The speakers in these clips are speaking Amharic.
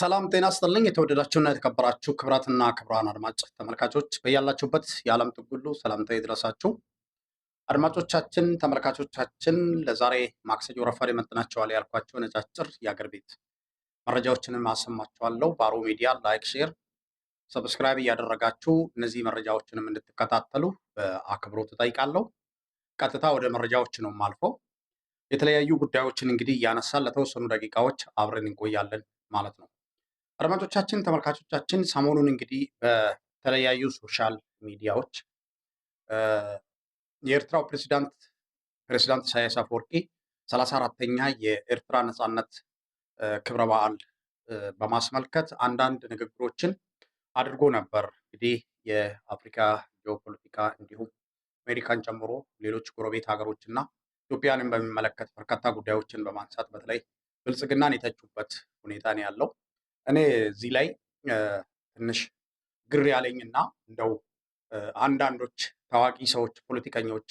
ሰላም ጤና ስጥልኝ። የተወደዳችሁና የተከበራችሁ ክብራትና ክብራን አድማጭ ተመልካቾች በያላችሁበት የዓለም ጥግ ሁሉ ሰላምታ ይድረሳችሁ። አድማጮቻችን፣ ተመልካቾቻችን ለዛሬ ማክሰኞ ረፋድ ይመጥናቸዋል ያልኳቸው ነጫጭር የአገር ቤት መረጃዎችንም አሰማችኋለሁ። ባሮ ሚዲያ ላይክ፣ ሼር፣ ሰብስክራይብ እያደረጋችሁ እነዚህ መረጃዎችንም እንድትከታተሉ በአክብሮት እጠይቃለሁ። ቀጥታ ወደ መረጃዎች ነው አልፈው የተለያዩ ጉዳዮችን እንግዲህ እያነሳን ለተወሰኑ ደቂቃዎች አብረን እንቆያለን ማለት ነው። አድማጮቻችን፣ ተመልካቾቻችን ሰሞኑን እንግዲህ በተለያዩ ሶሻል ሚዲያዎች የኤርትራው ፕሬዚዳንት ፕሬዚዳንት ኢሳያስ አፈወርቂ ሰላሳ አራተኛ የኤርትራ ነጻነት ክብረ በዓል በማስመልከት አንዳንድ ንግግሮችን አድርጎ ነበር። እንግዲህ የአፍሪካ ጂኦፖለቲካ እንዲሁም አሜሪካን ጨምሮ ሌሎች ጎረቤት ሀገሮች እና ኢትዮጵያንን በሚመለከት በርካታ ጉዳዮችን በማንሳት በተለይ ብልጽግናን የተቹበት ሁኔታ ነው ያለው። እኔ እዚህ ላይ ትንሽ ግር ያለኝና እንደው አንዳንዶች ታዋቂ ሰዎች፣ ፖለቲከኞች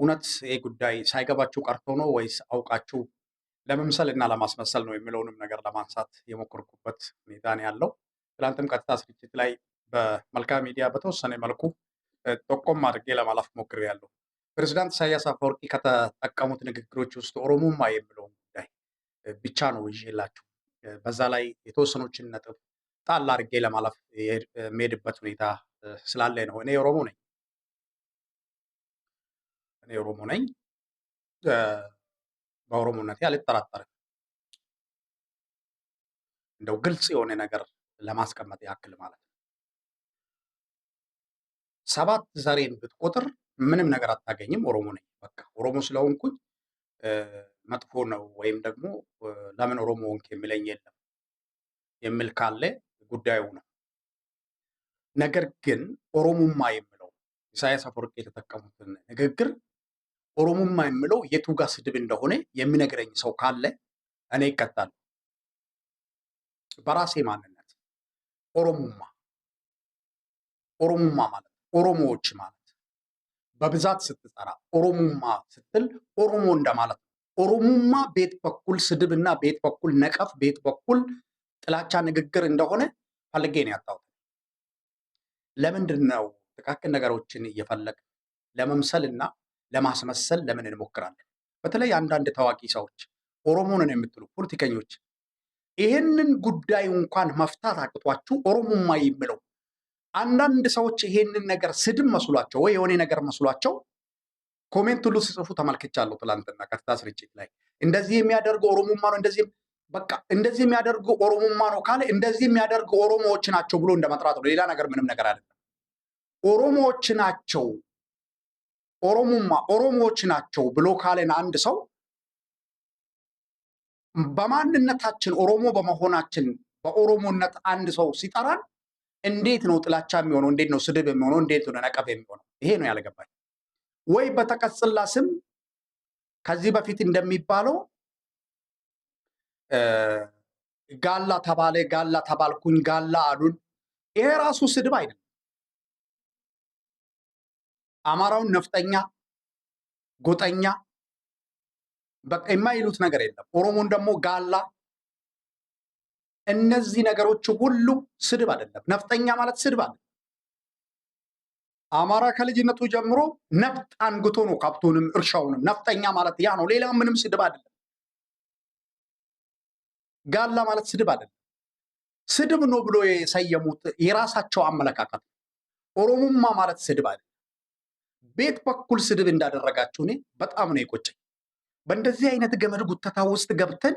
እውነት ይህ ጉዳይ ሳይገባችሁ ቀርቶ ነው ወይስ አውቃችሁ ለመምሰል እና ለማስመሰል ነው የሚለውንም ነገር ለማንሳት የሞከርኩበት ሁኔታ ነው ያለው። ትላንትም ቀጥታ ስርጭት ላይ በመልካም ሚዲያ በተወሰነ መልኩ ጠቆም አድርጌ ለማለፍ ያለው ፕሬዚዳንት ኢሳያስ አፈወርቂ ከተጠቀሙት ንግግሮች ውስጥ ኦሮሞማ የሚለውን ጉዳይ ብቻ ነው ይዤላችሁ በዛ ላይ የተወሰኖችን ነጥብ ጣል አድርጌ ለማለፍ የሚሄድበት ሁኔታ ስላለ ነው። እኔ ኦሮሞ ነኝ፣ እኔ ኦሮሞ ነኝ። በኦሮሞነቴ አልጠራጠርም። እንደው ግልጽ የሆነ ነገር ለማስቀመጥ ያክል ማለት ነው። ሰባት ዘሬን ብትቆጥር ምንም ነገር አታገኝም። ኦሮሞ ነኝ፣ በቃ ኦሮሞ ስለሆንኩኝ መጥፎ ነው ወይም ደግሞ ለምን ኦሮሞ ወንክ የሚለኝ የለም የሚል ካለ ጉዳዩ ነው። ነገር ግን ኦሮሞማ የሚለው ኢሳያስ አፈወርቅ የተጠቀሙትን ንግግር ኦሮሞማ የሚለው የቱ ጋር ስድብ እንደሆነ የሚነግረኝ ሰው ካለ እኔ ይቀጣል። በራሴ ማንነት ኦሮሞማ ኦሮሞማ ማለት ኦሮሞዎች ማለት በብዛት ስትጠራ ኦሮሞማ ስትል ኦሮሞ እንደማለት ነው። ኦሮሙማ ቤት በኩል ስድብ እና ቤት በኩል ነቀፍ፣ ቤት በኩል ጥላቻ ንግግር እንደሆነ ፈልጌ ነው ያጣሁት። ለምንድን ነው ጥቃቅን ነገሮችን እየፈለግ ለመምሰል እና ለማስመሰል ለምን እንሞክራለን? በተለይ አንዳንድ ታዋቂ ሰዎች ኦሮሞንን የምትሉ ፖለቲከኞች ይህንን ጉዳይ እንኳን መፍታት አቅቷችሁ ኦሮሞማ የሚለው አንዳንድ ሰዎች ይሄንን ነገር ስድብ መስሏቸው ወይ የሆነ ነገር መስሏቸው ኮሜንት ሁሉ ሲጽፉ ተመልክቻለሁ። ትላንትና ቀጥታ ስርጭት ላይ እንደዚህ የሚያደርገው ኦሮሞማ ነው፣ እንደዚህ በቃ እንደዚህ የሚያደርጉ ኦሮሞማ ነው ካለ እንደዚህ የሚያደርጉ ኦሮሞዎች ናቸው ብሎ እንደመጥራት ነው። ሌላ ነገር ምንም ነገር አይደለም። ኦሮሞዎች ናቸው ኦሮሞማ ኦሮሞዎች ናቸው ብሎ ካለን አንድ ሰው በማንነታችን ኦሮሞ በመሆናችን በኦሮሞነት አንድ ሰው ሲጠራን እንዴት ነው ጥላቻ የሚሆነው? እንዴት ነው ስድብ የሚሆነው? እንዴት ነው ነቀብ የሚሆነው? ይሄ ነው ያልገባኝ። ወይ በተቀጽላ ስም ከዚህ በፊት እንደሚባለው ጋላ ተባለ፣ ጋላ ተባልኩኝ፣ ጋላ አሉን። ይሄ ራሱ ስድብ አይደለም። አማራውን ነፍጠኛ፣ ጎጠኛ በቃ የማይሉት ነገር የለም። ኦሮሞን ደግሞ ጋላ። እነዚህ ነገሮች ሁሉ ስድብ አይደለም። ነፍጠኛ ማለት ስድብ አይደለም። አማራ ከልጅነቱ ጀምሮ ነፍጥ አንግቶ ነው ከብቱንም እርሻውንም። ነፍጠኛ ማለት ያ ነው። ሌላ ምንም ስድብ አይደለም። ጋላ ማለት ስድብ አይደለም። ስድብ ነው ብሎ የሰየሙት የራሳቸው አመለካከት። ኦሮሞማ ማለት ስድብ አይደለም። ቤት በኩል ስድብ እንዳደረጋችሁ እኔ በጣም ነው የቆጨኝ። በእንደዚህ አይነት ገመድ ጉተታ ውስጥ ገብተን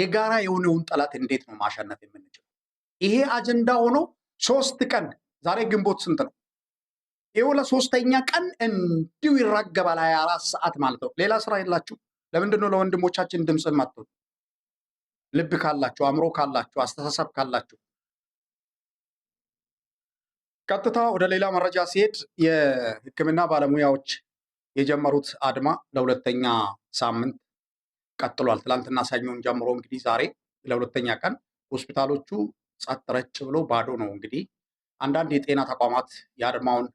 የጋራ የሆነውን ጠላት እንዴት ነው ማሸነፍ የምንችለው? ይሄ አጀንዳ ሆኖ ሶስት ቀን ዛሬ ግንቦት ስንት ነው? የውለ ሶስተኛ ቀን እንዲሁ ይራገባል ሀያ አራት ሰዓት ማለት ነው። ሌላ ስራ የላችሁ። ለምንድነው ለወንድሞቻችን ድምፅ ማትሆን? ልብ ካላችሁ፣ አእምሮ ካላችሁ፣ አስተሳሰብ ካላችሁ። ቀጥታ ወደ ሌላ መረጃ ሲሄድ የሕክምና ባለሙያዎች የጀመሩት አድማ ለሁለተኛ ሳምንት ቀጥሏል። ትላንትና ሰኞን ጀምሮ እንግዲህ ዛሬ ለሁለተኛ ቀን ሆስፒታሎቹ ጸጥ ረጭ ብሎ ባዶ ነው። እንግዲህ አንዳንድ የጤና ተቋማት የአድማውን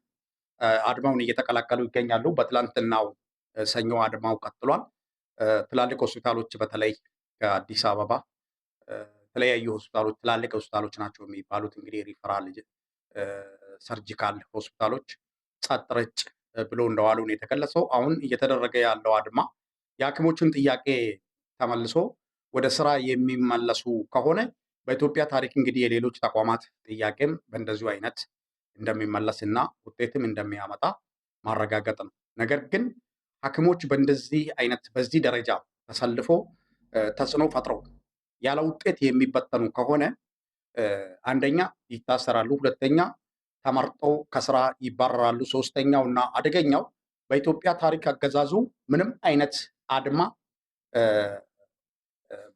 አድማውን እየተቀላቀሉ ይገኛሉ። በትላንትናው ሰኞ አድማው ቀጥሏል። ትላልቅ ሆስፒታሎች በተለይ ከአዲስ አበባ የተለያዩ ሆስፒታሎች ትላልቅ ሆስፒታሎች ናቸው የሚባሉት እንግዲህ ሪፈራል ሰርጂካል ሆስፒታሎች ጸጥ ረጭ ብሎ እንደዋሉ ነው የተገለጸው። አሁን እየተደረገ ያለው አድማ የሐኪሞቹን ጥያቄ ተመልሶ ወደ ስራ የሚመለሱ ከሆነ በኢትዮጵያ ታሪክ እንግዲህ የሌሎች ተቋማት ጥያቄም በእንደዚሁ አይነት እንደሚመለስና ውጤትም እንደሚያመጣ ማረጋገጥ ነው። ነገር ግን ሐኪሞች በእንደዚህ አይነት በዚህ ደረጃ ተሰልፎ ተጽዕኖ ፈጥረው ያለ ውጤት የሚበተኑ ከሆነ አንደኛ ይታሰራሉ፣ ሁለተኛ ተመርጠው ከስራ ይባረራሉ፣ ሶስተኛው እና አደገኛው በኢትዮጵያ ታሪክ አገዛዙ ምንም አይነት አድማ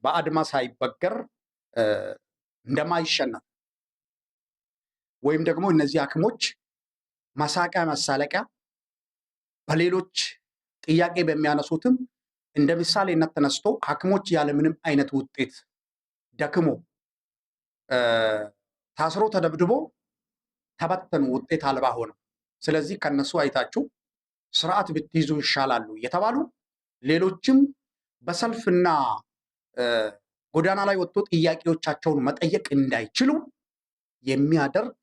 በአድማ ሳይበገር እንደማይሸነፍ ወይም ደግሞ እነዚህ አክሞች ማሳቂያ ማሳለቂያ በሌሎች ጥያቄ በሚያነሱትም እንደ ምሳሌነት ተነስቶ ሐኪሞች ያለምንም አይነት ውጤት ደክሞ ታስሮ ተደብድቦ ተበተኑ፣ ውጤት አልባ ሆነ። ስለዚህ ከነሱ አይታችሁ ስርዓት ብትይዙ ይሻላሉ የተባሉ ሌሎችም በሰልፍና ጎዳና ላይ ወጥቶ ጥያቄዎቻቸውን መጠየቅ እንዳይችሉ የሚያደርግ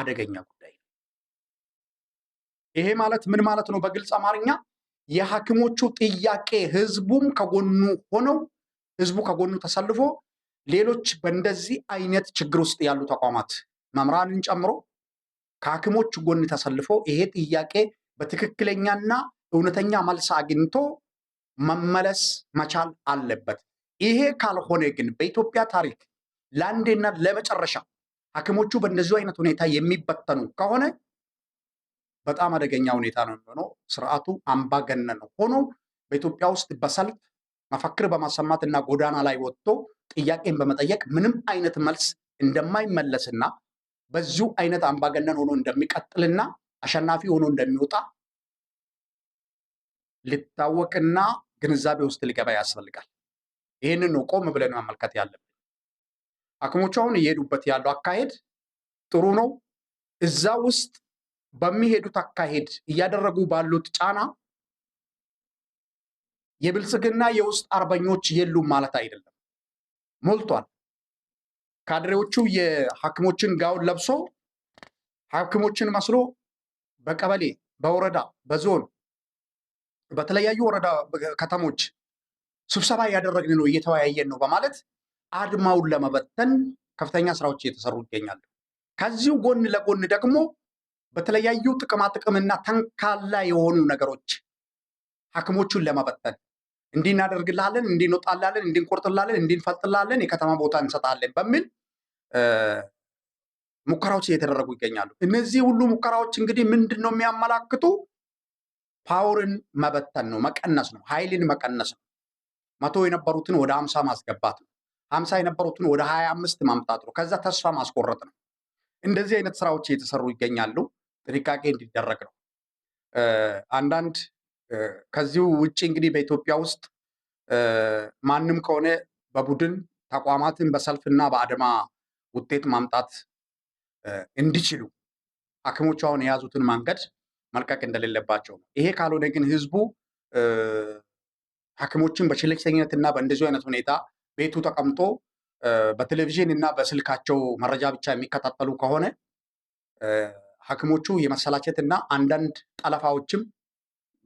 አደገኛ ጉዳይ ነው። ይሄ ማለት ምን ማለት ነው? በግልጽ አማርኛ የሐኪሞቹ ጥያቄ ህዝቡም ከጎኑ ሆነው ህዝቡ ከጎኑ ተሰልፎ ሌሎች በእንደዚህ አይነት ችግር ውስጥ ያሉ ተቋማት መምህራንን ጨምሮ ከሐኪሞቹ ጎን ተሰልፎ ይሄ ጥያቄ በትክክለኛና እውነተኛ መልስ አግኝቶ መመለስ መቻል አለበት። ይሄ ካልሆነ ግን በኢትዮጵያ ታሪክ ለአንዴና ለመጨረሻ ሐኪሞቹ በእንደዚሁ አይነት ሁኔታ የሚበተኑ ከሆነ በጣም አደገኛ ሁኔታ ነው የሚሆነው። ስርዓቱ አምባገነን ሆኖ በኢትዮጵያ ውስጥ በሰልፍ መፈክር በማሰማት እና ጎዳና ላይ ወጥቶ ጥያቄን በመጠየቅ ምንም አይነት መልስ እንደማይመለስና በዚሁ አይነት አምባገነን ሆኖ እንደሚቀጥልና አሸናፊ ሆኖ እንደሚወጣ ሊታወቅና ግንዛቤ ውስጥ ሊገባ ያስፈልጋል። ይህንን ቆም ብለን መመልከት ያለብን። ሐኪሞቹ አሁን እየሄዱበት ያለው አካሄድ ጥሩ ነው። እዛ ውስጥ በሚሄዱት አካሄድ እያደረጉ ባሉት ጫና የብልጽግና የውስጥ አርበኞች የሉም ማለት አይደለም። ሞልቷል። ካድሬዎቹ የሐኪሞችን ጋውን ለብሶ ሐኪሞችን መስሎ በቀበሌ፣ በወረዳ፣ በዞን፣ በተለያዩ ወረዳ ከተሞች ስብሰባ እያደረግን ነው፣ እየተወያየን ነው በማለት አድማውን ለመበተን ከፍተኛ ስራዎች እየተሰሩ ይገኛሉ። ከዚሁ ጎን ለጎን ደግሞ በተለያዩ ጥቅማ ጥቅምና ተንካላ የሆኑ ነገሮች ሐኪሞቹን ለመበተን እንዲናደርግላለን እንዲንወጣላለን እንዲንቆርጥላለን፣ እንዲንፈልጥላለን የከተማ ቦታ እንሰጣለን በሚል ሙከራዎች እየተደረጉ ይገኛሉ። እነዚህ ሁሉ ሙከራዎች እንግዲህ ምንድን ነው የሚያመላክቱ? ፓወርን መበተን ነው፣ መቀነስ ነው፣ ኃይልን መቀነስ ነው። መቶ የነበሩትን ወደ አምሳ ማስገባት ነው። ሀምሳ የነበሩትን ወደ ሀያ አምስት ማምጣት ነው። ከዛ ተስፋ ማስቆረጥ ነው። እንደዚህ አይነት ስራዎች እየተሰሩ ይገኛሉ። ጥንቃቄ እንዲደረግ ነው። አንዳንድ ከዚሁ ውጭ እንግዲህ በኢትዮጵያ ውስጥ ማንም ከሆነ በቡድን ተቋማትን በሰልፍና በአድማ ውጤት ማምጣት እንዲችሉ ሐኪሞቹ አሁን የያዙትን መንገድ መልቀቅ እንደሌለባቸው ነው። ይሄ ካልሆነ ግን ህዝቡ ሐኪሞችን በችለኝነትና በእንደዚሁ አይነት ሁኔታ ቤቱ ተቀምጦ በቴሌቪዥን እና በስልካቸው መረጃ ብቻ የሚከታተሉ ከሆነ ሐኪሞቹ የመሰላቸት እና አንዳንድ ጠለፋዎችም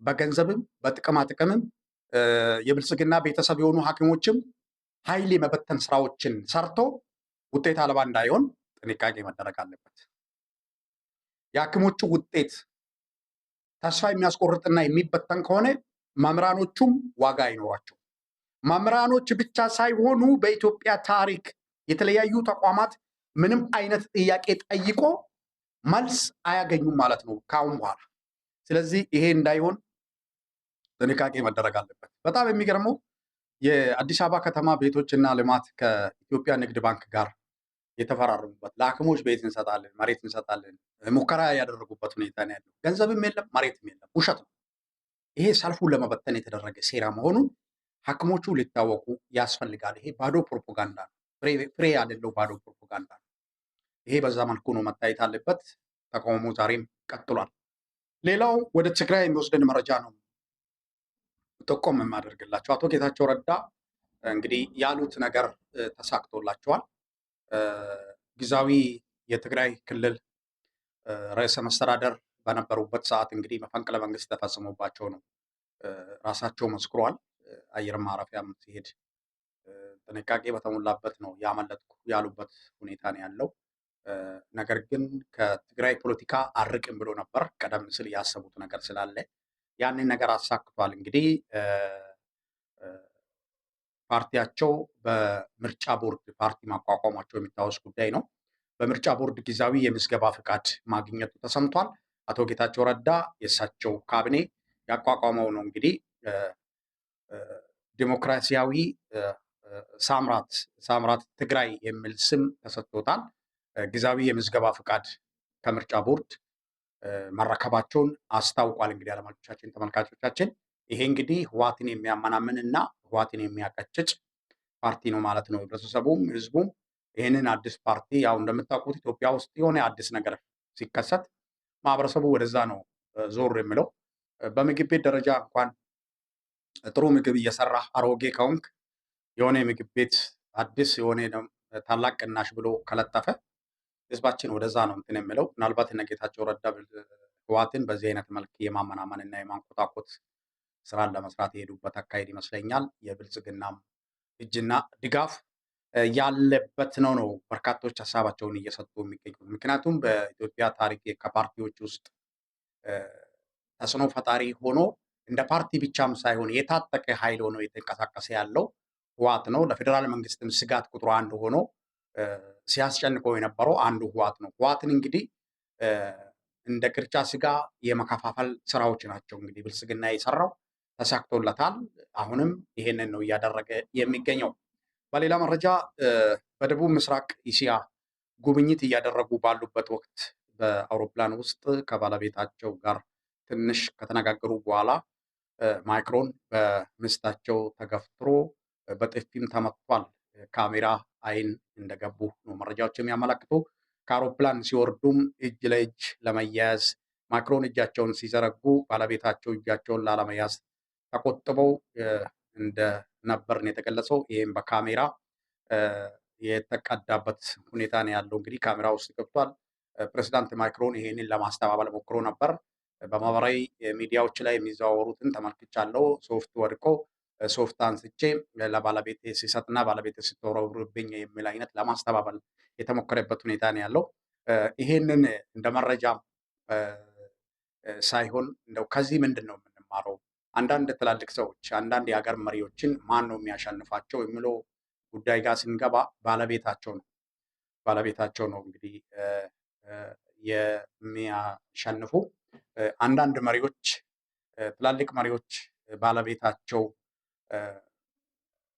በገንዘብም በጥቅማ ጥቅምም የብልጽግና ቤተሰብ የሆኑ ሐኪሞችም ኃይል የመበተን ስራዎችን ሰርቶ ውጤት አልባ እንዳይሆን ጥንቃቄ መደረግ አለበት። የሐኪሞቹ ውጤት ተስፋ የሚያስቆርጥና የሚበተን ከሆነ መምህራኖቹም ዋጋ አይኖሯቸው። መምህራኖች ብቻ ሳይሆኑ በኢትዮጵያ ታሪክ የተለያዩ ተቋማት ምንም አይነት ጥያቄ ጠይቆ መልስ አያገኙም ማለት ነው ከአሁን በኋላ። ስለዚህ ይሄ እንዳይሆን ጥንቃቄ መደረግ አለበት። በጣም የሚገርመው የአዲስ አበባ ከተማ ቤቶችና ልማት ከኢትዮጵያ ንግድ ባንክ ጋር የተፈራረሙበት ለአክሞች ቤት እንሰጣለን፣ መሬት እንሰጣለን ሙከራ ያደረጉበት ሁኔታ ነው ያለው። ገንዘብም የለም መሬትም የለም። ውሸት ነው። ይሄ ሰልፉን ለመበተን የተደረገ ሴራ መሆኑን ሐኪሞቹ ሊታወቁ ያስፈልጋል። ይሄ ባዶ ፕሮፓጋንዳ ነው፣ ፍሬ ያሌለው ባዶ ፕሮፓጋንዳ ነው። ይሄ በዛ መልኩ ነው መታየት አለበት። ተቃውሞ ዛሬም ቀጥሏል። ሌላው ወደ ትግራይ የሚወስደን መረጃ ነው ጠቆም የማደርግላቸው። አቶ ጌታቸው ረዳ እንግዲህ ያሉት ነገር ተሳክቶላቸዋል። ጊዜያዊ የትግራይ ክልል ርዕሰ መስተዳደር በነበሩበት ሰዓት እንግዲህ መፈንቅለ መንግስት ተፈጽሞባቸው ነው ራሳቸው መስክሯል። አየር ማረፊያም ሲሄድ ጥንቃቄ በተሞላበት ነው ያመለጥኩ ያሉበት ሁኔታ ነው ያለው። ነገር ግን ከትግራይ ፖለቲካ አርቅም ብሎ ነበር ቀደም ሲል ያሰቡት ነገር ስላለ ያንን ነገር አሳክቷል። እንግዲህ ፓርቲያቸው በምርጫ ቦርድ ፓርቲ ማቋቋማቸው የሚታወስ ጉዳይ ነው። በምርጫ ቦርድ ጊዜያዊ የምዝገባ ፍቃድ ማግኘቱ ተሰምቷል። አቶ ጌታቸው ረዳ የእሳቸው ካቢኔ ያቋቋመው ነው እንግዲህ ዴሞክራሲያዊ ሳምራት ሳምራት ትግራይ የሚል ስም ተሰጥቶታል። ጊዜያዊ የምዝገባ ፈቃድ ከምርጫ ቦርድ መረከባቸውን አስታውቋል። እንግዲህ አድማጮቻችን፣ ተመልካቾቻችን ይሄ እንግዲህ ህዋትን የሚያመናምን እና ህዋትን የሚያቀጭጭ ፓርቲ ነው ማለት ነው። ህብረተሰቡም ህዝቡም ይህንን አዲስ ፓርቲ ያው እንደምታውቁት ኢትዮጵያ ውስጥ የሆነ አዲስ ነገር ሲከሰት ማህበረሰቡ ወደዛ ነው ዞር የሚለው። በምግብ ቤት ደረጃ እንኳን ጥሩ ምግብ እየሰራ አሮጌ ከሆንክ የሆነ የምግብ ቤት አዲስ የሆነ ታላቅ ቅናሽ ብሎ ከለጠፈ ህዝባችን ወደዛ ነው እንትን የምለው። ምናልባት እነ ጌታቸው ረዳ ህወሓትን በዚህ አይነት መልክ የማመናመን እና የማንኮታኮት ስራን ለመስራት የሄዱበት አካሄድ ይመስለኛል። የብልጽግናም እጅና ድጋፍ ያለበት ነው ነው በርካቶች ሀሳባቸውን እየሰጡ የሚገኙት። ምክንያቱም በኢትዮጵያ ታሪክ ከፓርቲዎች ውስጥ ተጽዕኖ ፈጣሪ ሆኖ እንደ ፓርቲ ብቻም ሳይሆን የታጠቀ ኃይል ሆኖ የተንቀሳቀሰ ያለው ህዋት ነው። ለፌዴራል መንግስትም ስጋት ቁጥሩ አንዱ ሆኖ ሲያስጨንቀው የነበረው አንዱ ህዋት ነው። ህዋትን እንግዲህ እንደ ቅርጫ ስጋ የመከፋፈል ስራዎች ናቸው እንግዲህ ብልጽግና የሰራው ተሳክቶለታል። አሁንም ይሄንን ነው እያደረገ የሚገኘው። በሌላ መረጃ በደቡብ ምስራቅ እስያ ጉብኝት እያደረጉ ባሉበት ወቅት በአውሮፕላን ውስጥ ከባለቤታቸው ጋር ትንሽ ከተነጋገሩ በኋላ ማይክሮን በምስታቸው ተገፍትሮ በጥፊም ተመቷል። ካሜራ አይን እንደገቡ ነው መረጃዎች የሚያመላክቱ። ከአውሮፕላን ሲወርዱም እጅ ለእጅ ለመያያዝ ማክሮን እጃቸውን ሲዘረጉ ባለቤታቸው እጃቸውን ላለመያዝ ተቆጥበው ነው የተገለጸው ይህም በካሜራ የተቀዳበት ሁኔታ ነው ያለው። እንግዲህ ካሜራ ውስጥ ገብቷል። ፕሬዚዳንት ማክሮን ይህንን ለማስተባበል ሞክሮ ነበር። በማህበራዊ ሚዲያዎች ላይ የሚዘዋወሩትን ተመልክቻለሁ። ሶፍት ወድቆ ሶፍት አንስቼ ለባለቤት ሲሰጥና ባለቤት ስትወረውርብኝ የሚል አይነት ለማስተባበል የተሞከረበት ሁኔታ ነው ያለው። ይሄንን እንደ መረጃ ሳይሆን እንደው ከዚህ ምንድን ነው የምንማረው? አንዳንድ ትላልቅ ሰዎች አንዳንድ የሀገር መሪዎችን ማን ነው የሚያሸንፋቸው የሚለው ጉዳይ ጋር ስንገባ ባለቤታቸው ነው ባለቤታቸው ነው እንግዲህ የሚያሸንፉ አንዳንድ መሪዎች ትላልቅ መሪዎች ባለቤታቸው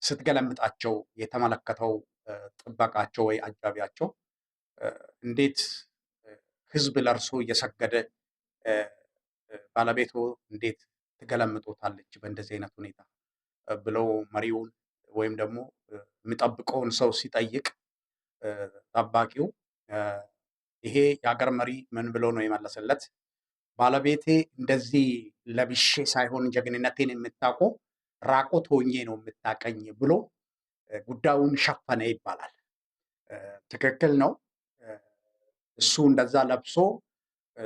ስትገለምጣቸው የተመለከተው ጥበቃቸው ወይ አጃቢያቸው እንዴት ህዝብ ለእርሶ እየሰገደ ባለቤቱ እንዴት ትገለምጦታለች በእንደዚህ አይነት ሁኔታ ብለው መሪውን ወይም ደግሞ የሚጠብቀውን ሰው ሲጠይቅ ጠባቂው ይሄ የሀገር መሪ ምን ብሎ ነው የመለሰለት? ባለቤቴ እንደዚህ ለብሼ ሳይሆን ጀግንነቴን የምታውቆ ራቆት ሆኜ ነው የምታቀኝ ብሎ ጉዳዩን ሸፈነ ይባላል። ትክክል ነው። እሱ እንደዛ ለብሶ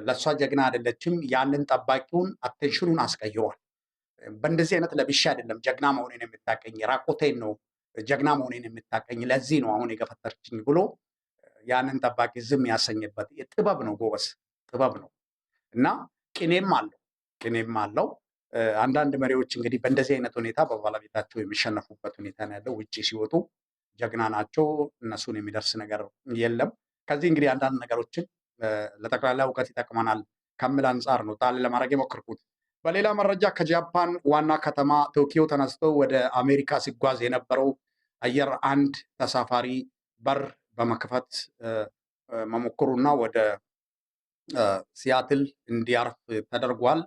ለእሷ ጀግና አይደለችም። ያንን ጠባቂውን አቴንሽኑን አስቀይሯል። በእንደዚህ አይነት ለብሼ አይደለም ጀግና መሆኔን የምታቀኝ፣ ራቆቴን ነው ጀግና መሆኔን የምታቀኝ፣ ለዚህ ነው አሁን የገፈተርችኝ ብሎ ያንን ጠባቂ ዝም ያሰኝበት ጥበብ ነው። ጎበስ ጥበብ ነው። እና ቅኔም አለው ቅኔም አለው። አንዳንድ መሪዎች እንግዲህ በእንደዚህ አይነት ሁኔታ በባለቤታቸው የሚሸነፉበት ሁኔታ ነው ያለው። ውጭ ሲወጡ ጀግና ናቸው፣ እነሱን የሚደርስ ነገር የለም። ከዚህ እንግዲህ አንዳንድ ነገሮችን ለጠቅላላ እውቀት ይጠቅመናል ከሚል አንጻር ነው ጣል ለማድረግ የሞከርኩት። በሌላ መረጃ ከጃፓን ዋና ከተማ ቶኪዮ ተነስቶ ወደ አሜሪካ ሲጓዝ የነበረው አየር አንድ ተሳፋሪ በር በመክፈት መሞከሩና ወደ ሲያትል እንዲያርፍ ተደርጓል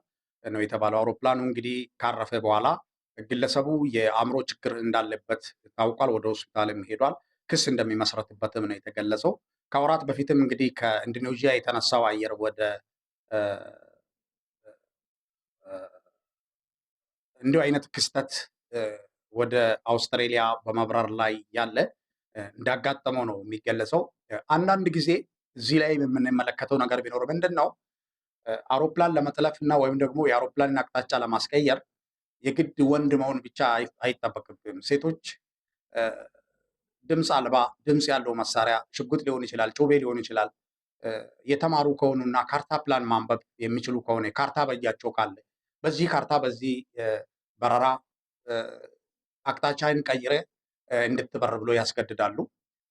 ነው የተባለው። አውሮፕላኑ እንግዲህ ካረፈ በኋላ ግለሰቡ የአእምሮ ችግር እንዳለበት ታውቋል። ወደ ሆስፒታልም ሄዷል። ክስ እንደሚመሰረትበትም ነው የተገለጸው። ከወራት በፊትም እንግዲህ ከኢንዶኔዥያ የተነሳው አየር ወደ እንዲሁ አይነት ክስተት ወደ አውስትሬሊያ በመብረር ላይ ያለ እንዳጋጠመው ነው የሚገለጸው። አንዳንድ ጊዜ እዚህ ላይ የምንመለከተው ነገር ቢኖር ምንድን ነው አውሮፕላን ለመጥለፍ እና ወይም ደግሞ የአውሮፕላንን አቅጣጫ ለማስቀየር የግድ ወንድ መሆን ብቻ አይጠበቅብም። ሴቶች ድምፅ አልባ ድምፅ ያለው መሳሪያ ሽጉጥ ሊሆን ይችላል፣ ጩቤ ሊሆን ይችላል። የተማሩ ከሆኑ እና ካርታ ፕላን ማንበብ የሚችሉ ከሆነ ካርታ በያቸው ካለ በዚህ ካርታ በዚህ በረራ አቅጣጫን ቀይረ እንድትበር ብሎ ያስገድዳሉ።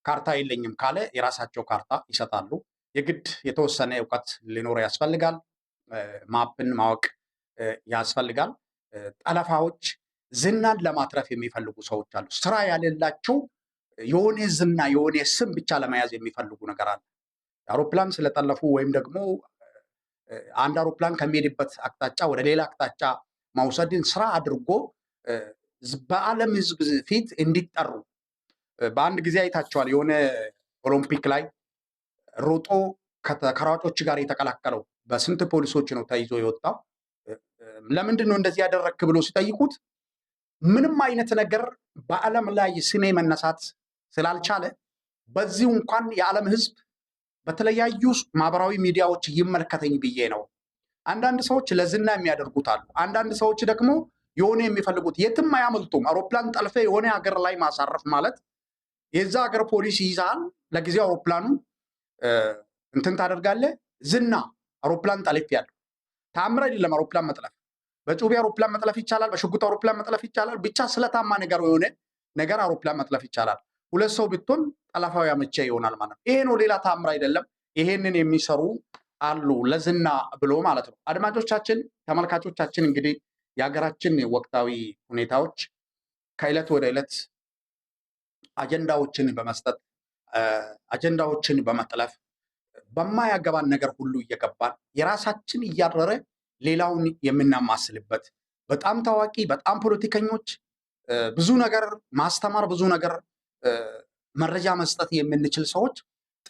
ካርታ የለኝም ካለ የራሳቸው ካርታ ይሰጣሉ። የግድ የተወሰነ እውቀት ሊኖረ ያስፈልጋል። ማፕን ማወቅ ያስፈልጋል። ጠለፋዎች፣ ዝናን ለማትረፍ የሚፈልጉ ሰዎች አሉ። ስራ ያሌላቸው የሆነ ዝና የሆነ ስም ብቻ ለመያዝ የሚፈልጉ ነገር አለ። አውሮፕላን ስለጠለፉ ወይም ደግሞ አንድ አውሮፕላን ከሚሄድበት አቅጣጫ ወደ ሌላ አቅጣጫ መውሰድን ስራ አድርጎ በዓለም ሕዝብ ፊት እንዲጠሩ በአንድ ጊዜ አይታቸዋል። የሆነ ኦሎምፒክ ላይ ሮጦ ከሯጮች ጋር የተቀላቀለው በስንት ፖሊሶች ነው ተይዞ የወጣው። ለምንድን ነው እንደዚህ ያደረግክ ብሎ ሲጠይቁት ምንም አይነት ነገር በዓለም ላይ ስሜ መነሳት ስላልቻለ በዚሁ እንኳን የዓለም ሕዝብ በተለያዩ ማህበራዊ ሚዲያዎች ይመልከተኝ ብዬ ነው። አንዳንድ ሰዎች ለዝና የሚያደርጉት አሉ። አንዳንድ ሰዎች ደግሞ የሆነ የሚፈልጉት የትም አያመልጡም። አውሮፕላን ጠልፌ የሆነ ሀገር ላይ ማሳረፍ ማለት የዛ ሀገር ፖሊስ ይዛን ለጊዜው አውሮፕላኑ እንትን ታደርጋለህ። ዝና አውሮፕላን ጠልፍ ያለው ታምር አይደለም። አውሮፕላን መጥለፍ በጩቤ አውሮፕላን መጥለፍ ይቻላል። በሽጉጥ አውሮፕላን መጥለፍ ይቻላል። ብቻ ስለታማ ነገር የሆነ ነገር አውሮፕላን መጥለፍ ይቻላል። ሁለት ሰው ብትሆን ጠለፋዊ አመቻ ይሆናል ማለት ነው። ይሄ ነው፣ ሌላ ታምር አይደለም። ይሄንን የሚሰሩ አሉ ለዝና ብሎ ማለት ነው። አድማጮቻችን፣ ተመልካቾቻችን እንግዲህ የሀገራችን ወቅታዊ ሁኔታዎች ከእለት ወደ እለት። አጀንዳዎችን በመስጠት አጀንዳዎችን በመጥለፍ በማያገባን ነገር ሁሉ እየገባን የራሳችን እያረረ ሌላውን የምናማስልበት በጣም ታዋቂ በጣም ፖለቲከኞች ብዙ ነገር ማስተማር ብዙ ነገር መረጃ መስጠት የምንችል ሰዎች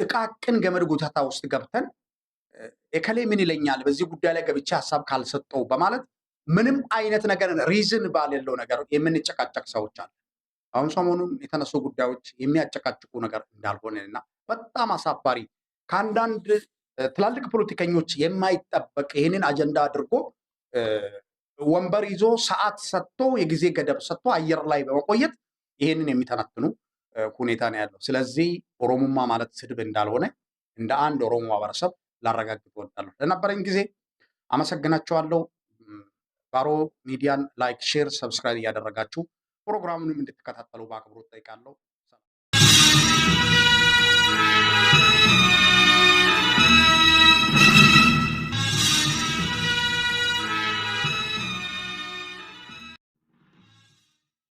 ጥቃቅን ገመድ ጉተታ ውስጥ ገብተን እከሌ ምን ይለኛል በዚህ ጉዳይ ላይ ገብቼ ሀሳብ ካልሰጠው በማለት ምንም አይነት ነገር ሪዝን ባሌለው ነገር የምንጨቃጨቅ ሰዎች አለ። አሁን ሰሞኑን የተነሱ ጉዳዮች የሚያጨቃጭቁ ነገር እንዳልሆነ እና በጣም አሳፋሪ ከአንዳንድ ትላልቅ ፖለቲከኞች የማይጠበቅ ይህንን አጀንዳ አድርጎ ወንበር ይዞ ሰዓት ሰጥቶ የጊዜ ገደብ ሰጥቶ አየር ላይ በመቆየት ይህንን የሚተነትኑ ሁኔታ ነው ያለው። ስለዚህ ኦሮሞማ ማለት ስድብ እንዳልሆነ እንደ አንድ ኦሮሞ ማህበረሰብ ላረጋግጥ እወዳለሁ። ለነበረኝ ጊዜ አመሰግናችኋለሁ። ባሮ ሚዲያን ላይክ፣ ሼር፣ ሰብስክራይብ እያደረጋችሁ ፕሮግራሙንም እንድትከታተሉ በአክብሮት ጠይቃለሁ።